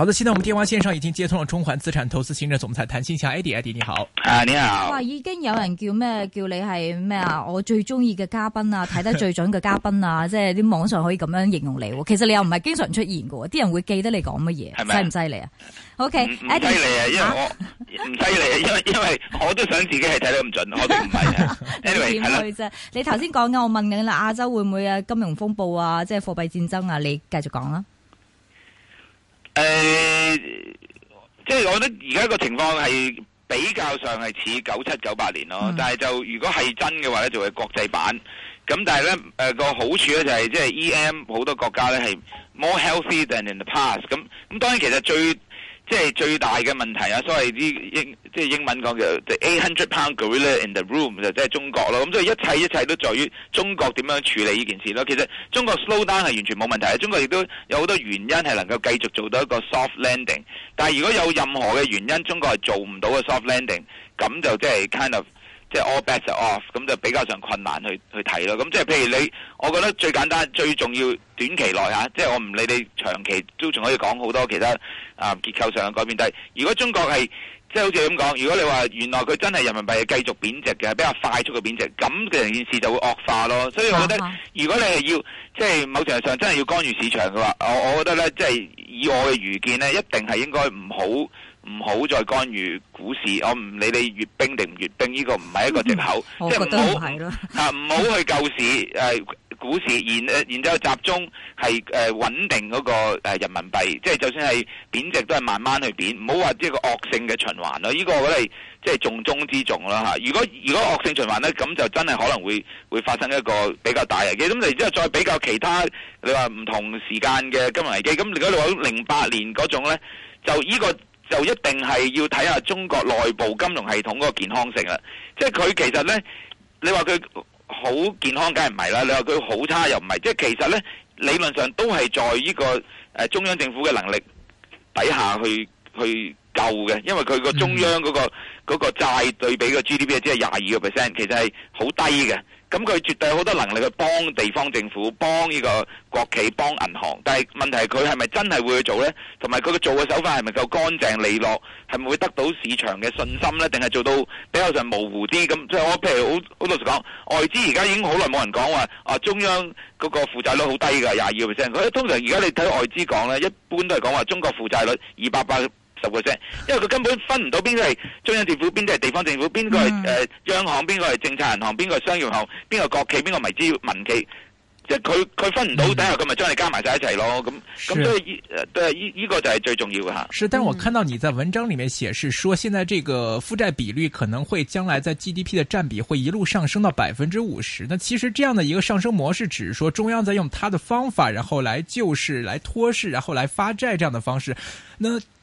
好的，現在我們電話線上已經接通了中環資產投資行政總裁譚新強，Eddie，Eddie 你好。啊，uh, 你好。話已經有人叫咩叫你係咩啊？我最中意嘅嘉賓啊，睇得最準嘅嘉賓啊， 即係啲網上可以咁樣形容你。其實你又唔係經常出現嘅，啲人會記得你講乜嘢，係咪吧？犀唔犀利啊？OK，唔犀利啊，因為我唔犀利啊，因為因為我都想自己係睇得咁準，我都唔係啊。點 Anyway, 去啫？ 你頭先講嘅我問你啦，亞洲會唔會啊金融風暴啊，即係貨幣戰爭啊？你繼續講啦。誒，即係、uh, 我覺得而家個情況係比較上係似九七九八年咯，mm. 但係就如果係真嘅話咧，就係國際版。咁但係咧，誒、個好處咧就係即係 EM 好多國家咧係 more healthy than in the past。咁咁當然其實最即係最大嘅問題啊！所謂啲英即係英文講嘅 the eight hundred pound gorilla in the room 就即係中國咯。咁、嗯、所以一切一切都在於中國點樣處理呢件事咯。其實中國 slow down 係完全冇問題嘅！中國亦都有好多原因係能夠繼續做到一個 soft landing。但係如果有任何嘅原因，中國係做唔到嘅 soft landing，咁就即係 kind of。即係 all bets are off，咁就比較上困難去去睇咯。咁即係譬如你，我覺得最簡單、最重要短期內吓，即係我唔理你長期都仲可以講好多其他啊結構上嘅改變。但係如果中國係即係好似咁講，如果你話原來佢真係人民幣係繼續貶值嘅，比較快速嘅貶值，咁嘅一件事就會惡化咯。所以我覺得如果你係要即係某程度上真係要干預市場嘅話，我我覺得咧，即係以我嘅愚見咧，一定係應該唔好。唔好再干預股市，我唔理你閱兵定唔閱兵，呢、這個唔係一個借口，嗯、即係唔好啊，唔好是去救市。誒， 股市然誒然之後集中係誒穩定嗰個人民幣，即係就算係貶值都係慢慢去貶，唔好話即係個惡性嘅循環咯。呢、這個我哋即係重中之重啦吓，如果如果惡性循環咧，咁就真係可能會會發生一個比較大嘅危機。咁你之後再比較其他，你話唔同時間嘅金融危機，咁如果你話零八年嗰種咧，就呢、這個。就一定係要睇下中國內部金融系統嗰個健康性啦，即係佢其實咧，你話佢好健康，梗係唔係啦？你話佢好差又唔係，即係其實咧，理論上都係在呢個誒中央政府嘅能力底下去去救嘅，因為佢個中央嗰個嗰個債對比個 GDP 即係廿二個 percent，其實係好低嘅。咁佢絕對好多能力去幫地方政府、幫呢個國企、幫銀行，但係問題係佢係咪真係會去做呢？同埋佢嘅做嘅手法係咪夠乾淨利落？係咪會得到市場嘅信心呢？定係做到比較上模糊啲咁？即係我譬如好好老實講，外資而家已經好耐冇人講話啊，中央嗰個負債率好低㗎，廿二 percent。通常而家你睇外資講呢，一般都係講話中國負債率二百八十個 percent 因為佢根本分唔到邊個係中央政府，邊個係地方政府，邊個係誒央行，邊個係政策銀行，邊個係商業銀行，邊個國企，邊個未知民企，即係佢佢分唔到，等下佢咪將你加埋晒一齊咯。咁咁是所以依都係依依個就係最重要嘅吓。是，但我看到你在文章裏面顯示說，現在這個負債比率可能會將來在 GDP 的佔比會一路上升到百分之五十。那其實這樣的一個上升模式，只是說中央在用它的方法，然後來救市、來托市，然後來發債這樣的方式。那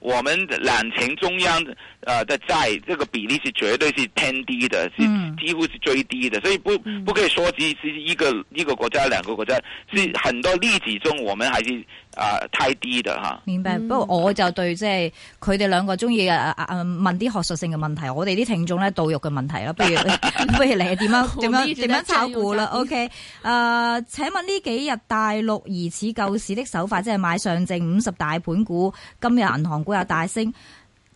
我們攬錢中央啊的債，這個比例是絕對是偏低的，嗯、是幾乎是最低的，所以不不可以說只是一個一個國家，兩個國家是很多例子中，我們還是啊、呃、太低的吓。明白。嗯、不過我就對即係佢哋兩個中意啊啊問啲學術性嘅問題，我哋啲聽眾咧到肉嘅問題啦，不如 不如你嚟點樣點樣點樣炒股啦？OK？誒、呃，請問呢幾日大陸疑似救市的手法，即係買上證五十大盤股，今日銀行。股又大升，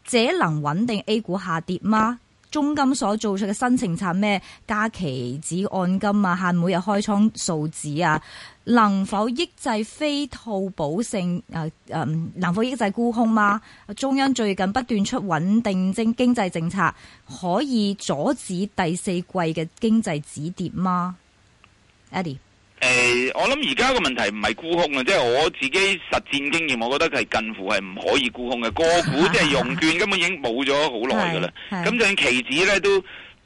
這能穩定 A 股下跌嗎？中金所做出嘅新政策咩？加期指按金啊，限每日開倉數字啊，能否抑制非套保性？誒、呃、誒、呃，能否抑制沽空嗎？中央最近不斷出穩定經經濟政策，可以阻止第四季嘅經濟止跌嗎？Eddie。誒、欸，我諗而家個問題唔係沽空啊，即、就、係、是、我自己實戰經驗，我覺得係近乎係唔可以沽空嘅。個股即係用券根本已經冇咗好耐噶啦。咁 是就算期指咧，都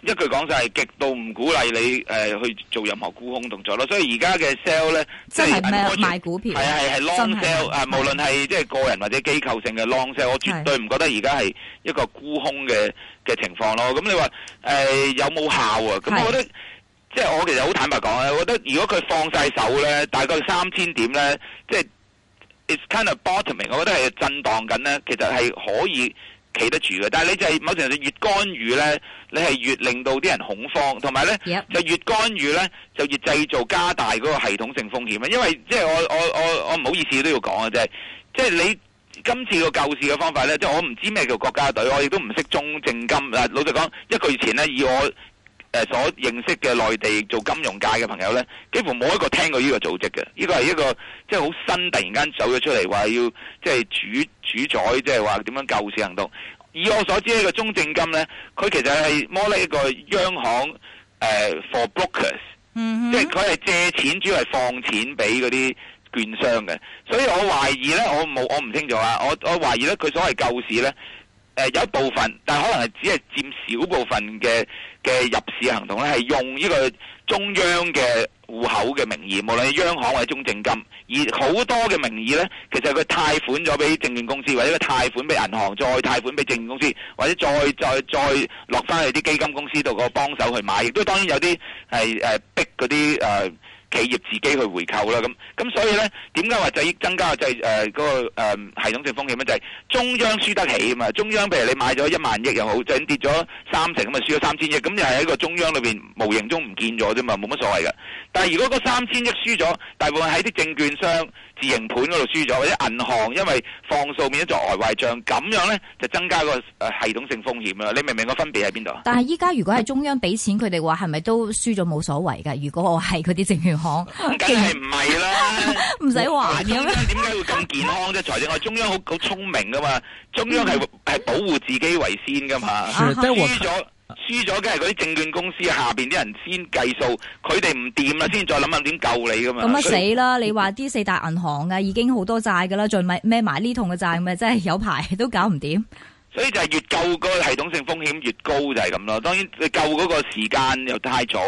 一句講晒係極度唔鼓勵你誒、呃、去做任何沽空動作咯。所以而家嘅 sell 咧，即係賣股票，係啊係係 long sell 啊，無論係即係個人或者機構性嘅 long sell，我絕對唔覺得而家係一個沽空嘅嘅情況咯。咁是你話誒、呃、有冇效啊？咁我覺得。即係我其實好坦白講咧，我覺得如果佢放晒手咧，大概三千點咧，即係 it's kind of bottoming，我覺得係震盪緊咧，其實係可以企得住嘅。但係你就係某程度越干預咧，你係越令到啲人恐慌，同埋咧就越干預咧，就越製造加大嗰個系統性風險啊！因為即係我我我我唔好意思都要講嘅啫，即係你今次個救市嘅方法咧，即係我唔知咩叫國家隊，我亦都唔識中證金啊！老實講，一個月前咧，以我所認識嘅內地做金融界嘅朋友咧，幾乎冇一個聽過呢個組織嘅。呢個係一個即係好新，突然間走咗出嚟話要即係、就是、主主宰，即係話點樣救市行動。以我所知正呢個中證金咧，佢其實係 more like 一個央行誒、uh, for brokers，mm hmm. 即係佢係借錢主要係放錢俾嗰啲券商嘅。所以我懷疑咧，我冇我唔清楚啊。我我懷疑咧，佢所謂救市咧。誒有一部分，但係可能係只係佔少部分嘅嘅入市行動咧，係用呢個中央嘅戶口嘅名義，無論係央行或者中證金，而好多嘅名義咧，其實佢貸款咗俾證券公司，或者佢貸款俾銀行，再貸款俾證券公司，或者再再再落翻去啲基金公司度個幫手去買，亦都當然有啲係逼嗰啲誒。呃企業自己去回購啦，咁咁所以呢，點解話制益增加就係、是、嗰、呃那個誒、呃、系統性風險呢，就係、是、中央輸得起啊嘛，中央譬如你買咗一萬億又好，就算跌咗三成咁啊，輸咗三千億，咁又係喺個中央裏邊無形中唔見咗啫嘛，冇乜所謂噶。但係如果嗰三千億輸咗，大部分喺啲證券商。自營盤嗰度輸咗，或者銀行因為放數變咗做呆壞賬，咁樣咧就增加個誒、呃、系統性風險啦。你明唔明個分別喺邊度啊？但係依家如果係中央俾錢話，佢哋話係咪都輸咗冇所謂噶？如果我係佢啲證券行，咁梗係唔係啦？唔使話嘅點解會咁健康啫？財政我中央好好聰明噶嘛，中央係係、嗯、保護自己為先噶嘛，輸咗、啊。輸咗梗係嗰啲證券公司下邊啲人先計數，佢哋唔掂啦，先再諗下點救你噶嘛。咁啊死啦！以你話啲四大銀行啊，已經好多債噶啦，再咪孭埋呢桶嘅債，咪真係有排都搞唔掂。所以就係越救個系統性風險越高就係咁咯。當然，救嗰個時間又太早，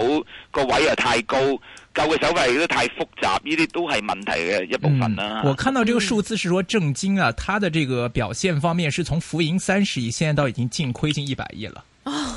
個位又太高，救嘅手費都太複雜，呢啲都係問題嘅一部分啦、嗯。我看到呢個數字是說，正金啊，它的這個表現方面是從浮盈三十億，現在到已經淨虧近一百億啦。哦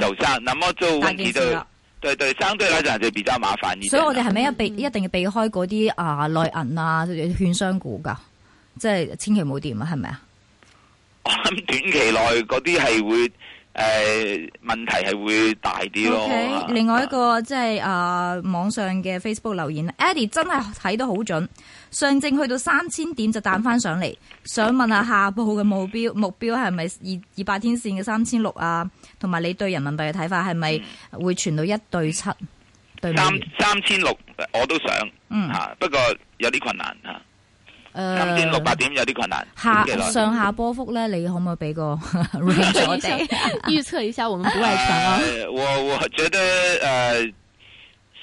受傷，那麼、嗯、就會起到，對，對對，相對來講就比較麻煩。所以我哋係咪一避一定要避開嗰啲、呃、啊內銀啊券商股噶，即、就、係、是、千祈冇掂啊，係咪啊？我諗短期內嗰啲係會。誒、呃，問題係會大啲咯。Okay, 啊、另外一個即係誒，網上嘅 Facebook 留言，Eddie 真係睇到好準，上證去到三千點就彈翻上嚟。想問下下步嘅目標，目標係咪二二八天線嘅三千六啊？同埋你對人民幣嘅睇法係咪會傳到一對七？嗯、對，三三千六，我都想，吓、嗯，不過有啲困難吓。啊今天六百點有啲困難，下上下波幅咧，你可唔可以俾個 range 我哋預測一下？我估係啊？我我覺得誒，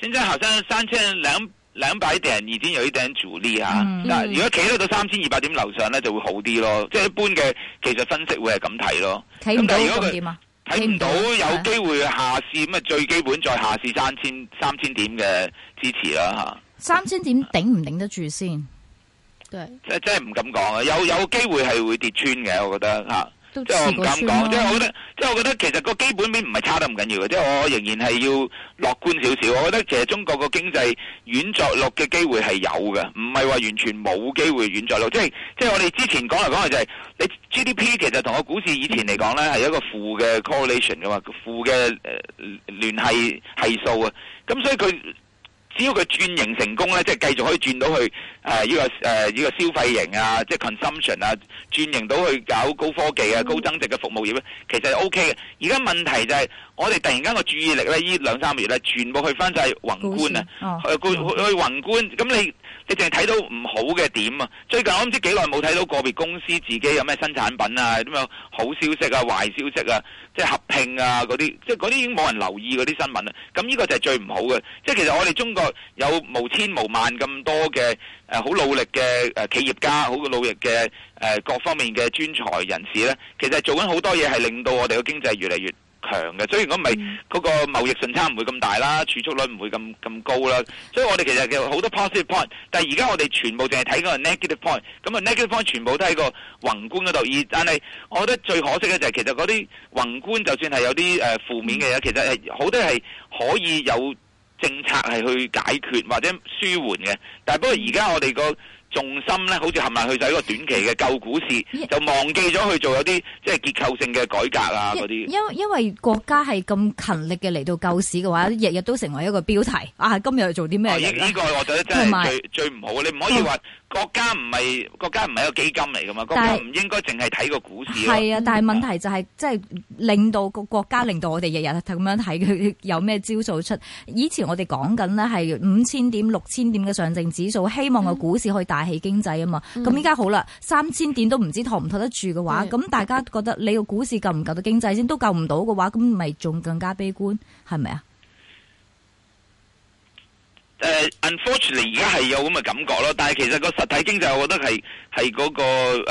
現在好像三千兩兩百點已經有一點阻力吓。但係如果企到到三千二百點樓上咧，就會好啲咯。即係一般嘅技術分析會係咁睇咯。睇唔到咁點啊？睇唔到有機會下試咁啊？最基本再下試三千三千點嘅支持啦吓。三千點頂唔頂得住先？真真係唔敢講啊！有有機會係會跌穿嘅，我覺得吓，遲即係我唔敢講。啊、即係我覺得，即係我覺得，其實個基本面唔係差得唔緊要嘅。即係我仍然係要樂觀少少。我覺得其實中國個經濟軟着陸嘅機會係有嘅，唔係話完全冇機會軟着陸。即係即係我哋之前講嚟講去就係、是，你 GDP 其實同個股市以前嚟講咧係一個負嘅 correlation 㗎嘛，負嘅誒聯繫係數啊。咁所以佢。只要佢轉型成功咧，即係繼續可以轉到去誒呢個誒呢個消費型啊，即係 consumption 啊，轉型到去搞高科技啊、高增值嘅服務業咧，其實係 O K 嘅。而家問題就係、是。我哋突然間個注意力咧，呢兩三個月咧，全部去翻晒宏觀啊，哦、去去宏觀。咁你你淨係睇到唔好嘅點啊？最近我唔知幾耐冇睇到個別公司自己有咩新產品啊，啲咩好消息啊、壞消息啊，即係合併啊嗰啲，即係嗰啲已經冇人留意嗰啲新聞啦。咁呢個就係最唔好嘅。即係其實我哋中國有無千無萬咁多嘅誒，好、呃、努力嘅誒、呃、企業家，好努力嘅誒、呃、各方面嘅專才人士咧。其實做緊好多嘢，係令到我哋嘅經濟越嚟越。強嘅，所以如果唔係嗰個貿易順差唔會咁大啦，儲蓄率唔會咁咁高啦，所以我哋其實有好多 positive point，但係而家我哋全部淨係睇個 negative point，咁啊 negative point 全部都喺個宏觀嗰度，而但係我覺得最可惜嘅就係其實嗰啲宏觀就算係有啲誒負面嘅嘢，其實好多係可以有政策係去解決或者舒緩嘅，但係不過而家我哋個。重心咧，好似冚唪唥佢就係一個短期嘅救股市，就忘記咗去做有啲即係結構性嘅改革啊嗰啲。因為些因為國家係咁勤力嘅嚟到救市嘅話，日日都成為一個標題啊！今日去做啲咩？呢、哦呢個我覺得真係最係咪最唔好，你唔可以話。嗯國家唔係國家，唔係一個基金嚟噶嘛，但國家唔應該淨係睇個股市。係啊，但係問題就係即係令到個國家，令到我哋日日咁樣睇佢有咩招數出。以前我哋講緊呢係五千點、六千點嘅上證指數，希望個股市可以大起經濟啊嘛。咁依家好啦，三千點都唔知托唔托得住嘅話，咁的大家覺得你個股市救唔救到經濟先？都救唔到嘅話，咁咪仲更加悲觀係咪啊？誒、uh，unfortunately 而家係有咁嘅感覺咯，但係其實個實體經濟、那個呃，我覺得係係嗰個誒，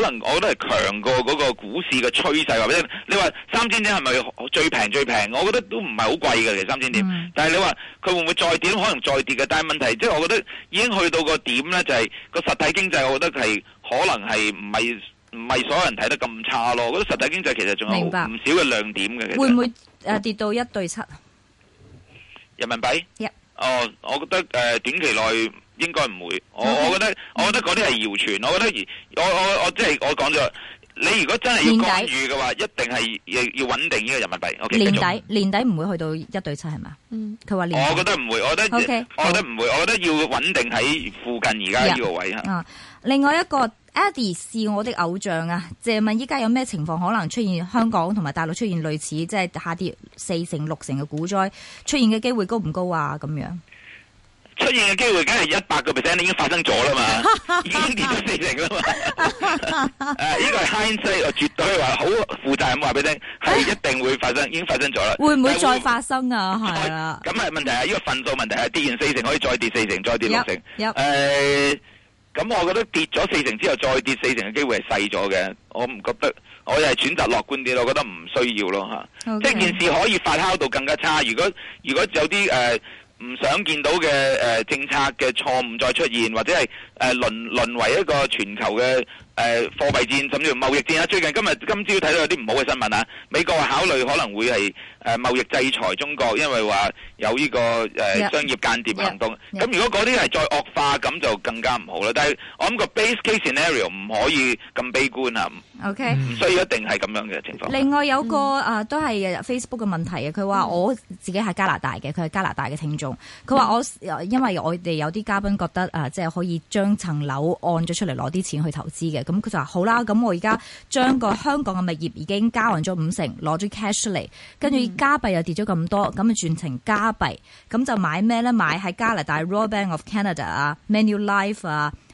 可能我覺得係強過嗰個股市嘅趨勢，或者你話三千點係咪最平最平？我覺得都唔係好貴嘅，其實三千點。但係你話佢會唔會再跌？可能再跌嘅。但係問題即係，就是、我覺得已經去到個點咧，就係、是、個實體經濟，我覺得係可能係唔係唔係所有人睇得咁差咯。我覺得實體經濟其實仲有唔少嘅亮點嘅。會唔會誒跌到一對七？人民幣一。Yeah. 哦，我覺得誒、呃、短期內應該唔會 Okay. 我。我覺得，我覺得嗰啲係謠傳。我覺得，我我我即係我講咗、就是，你如果真係要干預嘅話，底一定係要穩定呢個人民幣。年、okay, 底年著底唔會去到一對七係嘛？嗯，佢話我覺得唔會，我覺得，okay, 我覺得唔會，okay, 會，我覺得要穩定喺附近而家呢個位 yeah, 啊。另外一個。Adi 是我的偶像啊！借問，依家有咩情況可能出現香港同埋大陸出現類似即係下跌四成、六成嘅股災？出現嘅機會高唔高啊？咁樣出現嘅機會是，梗係一百個 percent 已經發生咗啦嘛， 已經跌咗四成啦嘛。呢、 啊這個係 hindsight，我絕對話好負責任，任好話俾你聽，係一定會發生，已經發生咗啦。 會唔會再發生啊？係啦。咁係 問題係一份數問題係跌完四成可以再跌四成，再跌六成。誒 Yep, yep.、呃。咁我覺得跌咗四成之後再跌四成嘅機會係細咗嘅，我唔覺得，我就係選擇樂觀啲咯，我覺得唔需要咯 Okay. 即係件事可以發酵到更加差。如果如果有啲呃、唔想見到嘅、呃、政策嘅錯誤再出現，或者係誒、呃、淪淪為一個全球嘅。誒、呃、貨幣戰甚至貿貿易戰啊！最近今日今朝睇到有啲唔好嘅新聞啊！美國話考慮可能會係誒、呃、貿易制裁中國，因為話有呢、這個、呃、yeah, 商業間諜行動。咁 Yeah, yeah, 如果嗰啲係再惡化，咁就更加唔好啦。但係我諗個 base case scenario 唔可以咁悲觀啊。OK，、um, 所以一定係咁樣嘅情況。另外有個啊、呃、都係 Facebook 嘅問題嘅，佢話我自己係加拿大嘅，佢係加拿大嘅聽眾。佢話我因為我哋有啲嘉賓覺得啊，即、呃、係、就是、可以將層樓按咗出嚟攞啲錢去投資嘅。咁佢就話好啦，咁我而家將個香港嘅物業已經交還咗五成，攞咗 cash 嚟，跟住加幣又跌咗咁多，咁咪轉成加幣，咁就買咩咧？買喺加拿大 Royal Bank of Canada 啊，Menu Life 啊。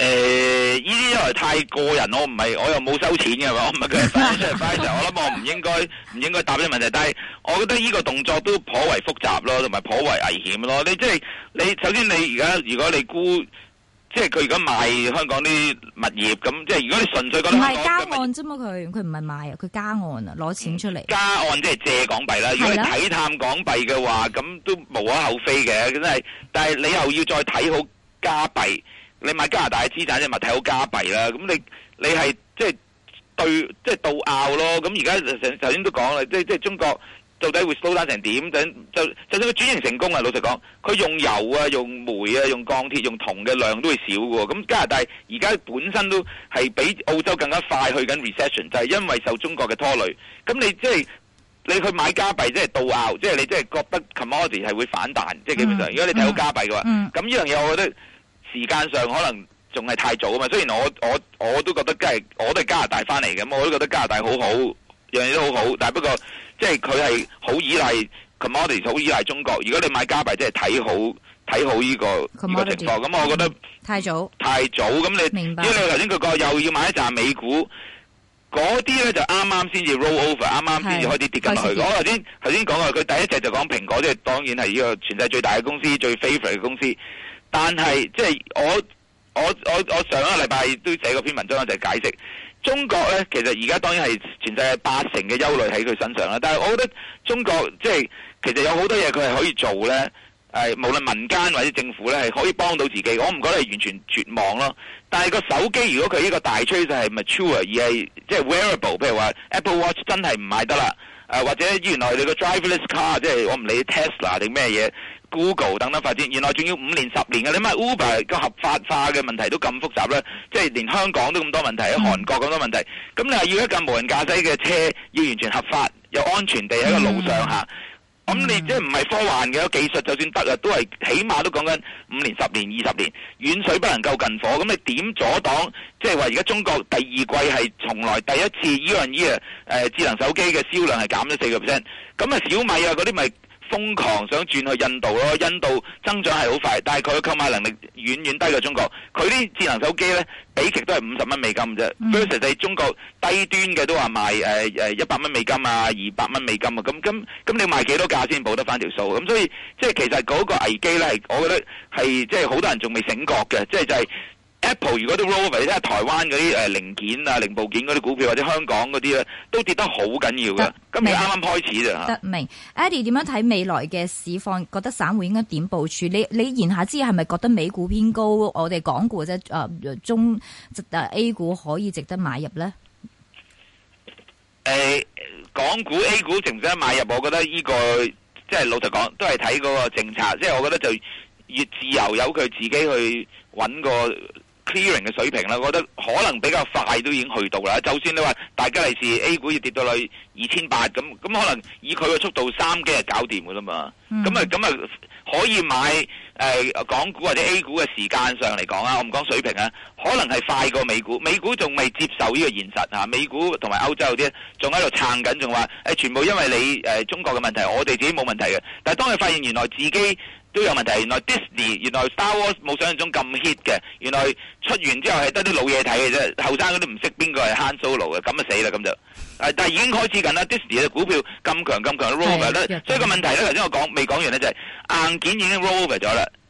誒，呢啲、呃、因為太個人，我唔係我又冇收錢嘅，我唔係佢翻出嚟翻嘅。 我諗我唔應該唔應該答呢個問題。但係我覺得呢個動作都頗為複雜咯，同埋頗為危險咯。你即係你首先你而家如果你估，即係佢而家賣香港啲物業咁，即係如果你純粹咁唔係加按啫嘛，佢佢唔係賣啊，佢加按啊，攞錢出嚟。加按即係借港幣啦。如果你睇淡港幣嘅話，咁的都無可厚非嘅，真係。但係你又要再睇好加幣。你買加拿大嘅資產你，你咪睇好加幣啦？咁你你係即係對即係鬥拗咯？咁而家頭先都講啦，即係即係中國到底會 slow down 成點？等就就算佢轉型成功啊，老實講，佢用油啊、用煤啊、用鋼鐵、啊用鋼鐵、用銅嘅量都會少嘅喎。咁加拿大而家本身都係比澳洲更加快去緊 recession，就係因為受中國嘅拖累。咁你即係、就是、你去買加幣，即係鬥拗，即、就、係、是、你即係、就是、覺得 commodity 係會反彈，即、就、係、是、基本上。嗯、如果你睇好加幣嘅話，咁呢樣嘢，我覺得。時間上可能仲係太早啊嘛，雖然我我我都覺得，即係我都係加拿大翻嚟嘅，咁我都覺得加拿大好好，樣樣都好好，但係不過即係佢係好依賴 Commodities，好依賴中國。如果你買加幣，即係睇好睇好呢個呢個情況，咁 Commodity，我覺得太早、嗯、太早，咁你明白因為頭先佢講又要買一扎美股，嗰啲咧就啱啱先至 Roll Over，啱啱先至開始跌緊落去。我頭先頭先講佢第一隻就講蘋果，即係當然係呢個全世界最大嘅公司，最 favourite 嘅公司。但係即係我我我我上一個禮拜都寫過篇文章就係、解釋中國咧其實而家，當然係全世界八成嘅憂慮喺佢身上啦，但係我覺得中國即係、就是、其實有好多嘢佢係可以做咧，誒無論民間或者政府咧係可以幫到自己，我唔覺得係完全絕望咯。但係個手機如果佢呢個大趨勢係 mature 而係即係 wearable，譬如話 Apple Watch 真係唔買得啦，誒或者原來你個 driverless car 即係我唔理 Tesla 定咩嘢。Google 等等發展，原來仲要五年十年嘅。你咪 Uber 個合法化嘅問題都咁複雜啦，即係連香港都咁多問題，喺、嗯、韓國咁多問題。咁你係要一架無人駕駛嘅車，要完全合法又安全地喺個路上行。咁、嗯、你即係唔係科幻嘅技術？就算得啊，都係起碼都講緊五年、十年、二十年。遠水不能夠近火，咁你點阻擋？即係話而家中國第二季係從來第一次、e，year on year 智能手機嘅銷量係減咗四個 percent。咁啊，小米啊嗰啲咪，瘋狂想轉去印度咯、哦，印度增長係好快，但係佢嘅購買能力遠遠低過中國。佢啲智能手機呢，比極都係五十蚊美金啫。咁實際、嗯、中國低端嘅都話賣誒誒一百蚊美金啊，二百蚊美金啊，咁咁咁你賣幾多價先補得翻條數？咁所以即係、就是、其實嗰個危機呢，我覺得係即係好多人仲未醒覺嘅，即係就係、是。Apple 如果啲羅威即係台灣嗰啲誒零件，啊零部件，嗰啲股票或者香港嗰啲啊，都跌得好緊要嘅，今年啱啱開始咋吓？明，Eddie 點樣睇未來嘅市況？覺得散戶應該點部署？你你言下之意係咪覺得美股偏高？嗯、我哋港股啫誒、呃、中誒、啊、A 股可以值得買入咧？誒、呃，港股 A 股值唔值得買入，我覺得呢、呢個即係老實講，都係睇嗰個政策。即係我覺得就越自由，由佢自己去揾個 Clearing 嘅水平啦，我覺得可能比較快都已經去到啦。就算你話大家利是 A 股要跌到去二千八咁，咁可能以佢嘅速度三幾日就搞掂嘅啦嘛。咁啊咁啊可以買誒港股或者 A 股嘅時間上嚟講啊，我唔講水平啊，可能係快過美股。美股仲未接受呢個現實啊，美股同埋歐洲啲仲喺度撐緊，仲話誒全部因為你誒中國嘅問題，我哋自己冇問題嘅。但係當你發現原來自己都有問題，原來 Disney 原來 Star Wars 冇想象中咁 hit 嘅，原來出完之後係得啲老嘢睇嘅啫，後生嗰啲唔識邊個係慳 solo 嘅，咁就死啦咁就，但係已經開始緊啦，Disney 嘅股票咁強咁強 roll over 啦，所以個問題咧頭先我講未講完咧就係、是、硬件已經 roll 咗啦。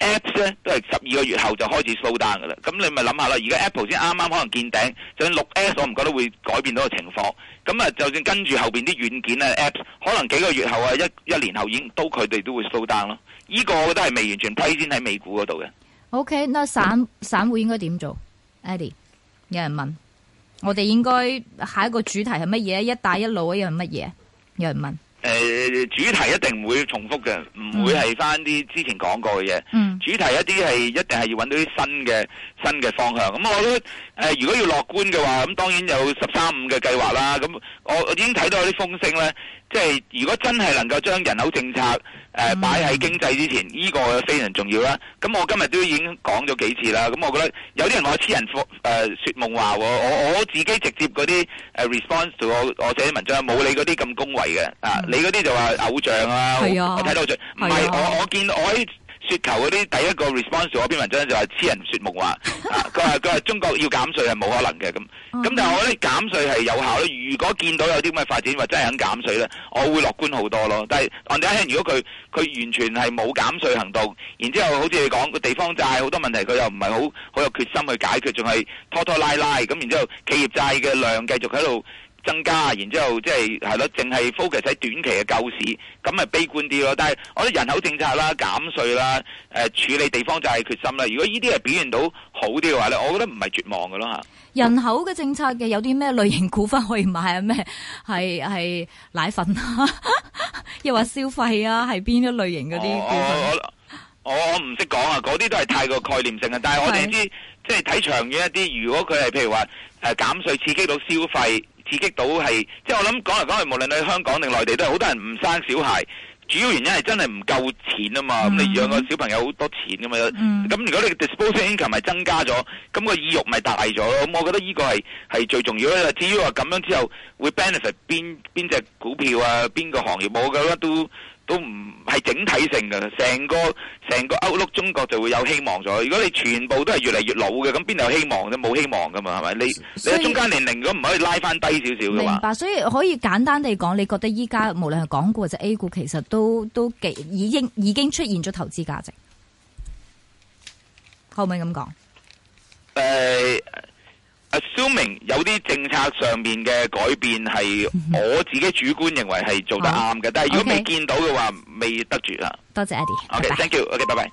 Apps 咧都係十二個月後就開始 slow down 噶啦，咁你咪諗下啦，而家 Apple 先啱啱可能見頂，就算、是、六 S 我唔覺得會改變到個情況，咁啊就算跟住後邊啲軟件咧 apps，可能幾個月後啊一一年後已經都佢哋都會 slow down 咯，呢個我覺得係未完全批先喺美股嗰度嘅。OK，嗱，散散戶應該點做？Eddie，有人問，我哋應該下一個主題係乜嘢？一帶一路一樣乜嘢？有人問。誒、呃，主題一定唔會重複嘅，唔會係翻啲之前講過嘅嘢。嗯、主題一啲係一定係要揾到啲新嘅新嘅方向。咁我都誒、呃，如果要樂觀嘅話，咁當然有十三五嘅計劃啦。咁我已經睇到啲風聲呢，即、就、係、是、如果真係能夠將人口政策誒擺喺經濟之前，呢、嗯、個非常重要啦。咁我今日都已經講咗幾次啦。咁我覺得有啲人，人、呃、話黐人，誒說夢話。我我自己直接嗰啲誒 response，我我寫啲文章冇你嗰啲咁恭維嘅啊。嗯你嗰啲就話偶像啊，啊我睇到最唔係、啊、我我見我喺雪球嗰啲第一個 response 嗰篇文章就話痴人說夢話，佢話佢話中國要減稅係冇可能嘅咁，咁、嗯、但係我覺得減稅係有效咧。如果見到有啲咁嘅發展話真係肯減稅咧，我會樂觀好多咯。但係按你講，如果佢佢完全係冇減稅行動，然之後好似你講個地方債好多問題，佢又唔係好好有決心去解決，仲係拖拖拉拉咁，然之後企業債嘅量繼續喺度。增加，然之後即係係咯，淨係 focus 喺短期嘅救市，咁咪悲觀啲咯。但係我覺得人口政策啦、減稅啦、呃、處理地方就係決心啦。如果呢啲係表現到好啲嘅話咧，我覺得唔係絕望㗎咯吓。人口嘅政策嘅有啲咩類型股份可以買啊？咩係係奶粉啊？ 又話消費啊？係邊一類型嗰啲？我我唔識講啊！嗰啲都係太過概念性嘅。但係我哋知的即係睇長遠一啲。如果佢係譬如話呃、減稅刺激到消費。刺激到係，即係我諗講嚟講去，無論你喺香港定內地，都係好多人唔生小孩。主要原因係真係唔夠錢啊嘛，咁、mm. 你養個小朋友好多錢㗎嘛。咁、mm. 如果你嘅 disposal income 咪係增加咗，咁、那個意欲咪大咗。咁我覺得呢個係係最重要咯。至於話咁樣之後會 benefit 邊邊隻股票啊，邊個行業，我覺得都。都唔係整體性嘅，成個成個歐陸中國就會有希望咗。如果你全部都係越嚟越老嘅，咁邊度有希望啫？冇希望噶嘛，係咪？你以你中間年齡如果唔可以拉翻低少少嘅話，明白。所以可以簡單地講，你覺得依家無論係港股或者 A 股，其實都都幾已經已經出現咗投資價值，可唔可以咁講？誒、呃。Assuming 有啲政策上面嘅改變係我自己主觀認為係做得啱嘅，嗯、哼但係如果未 Okay. 見到嘅話，未得住啦。多謝 Eddie，OK，thank you，OK，拜拜。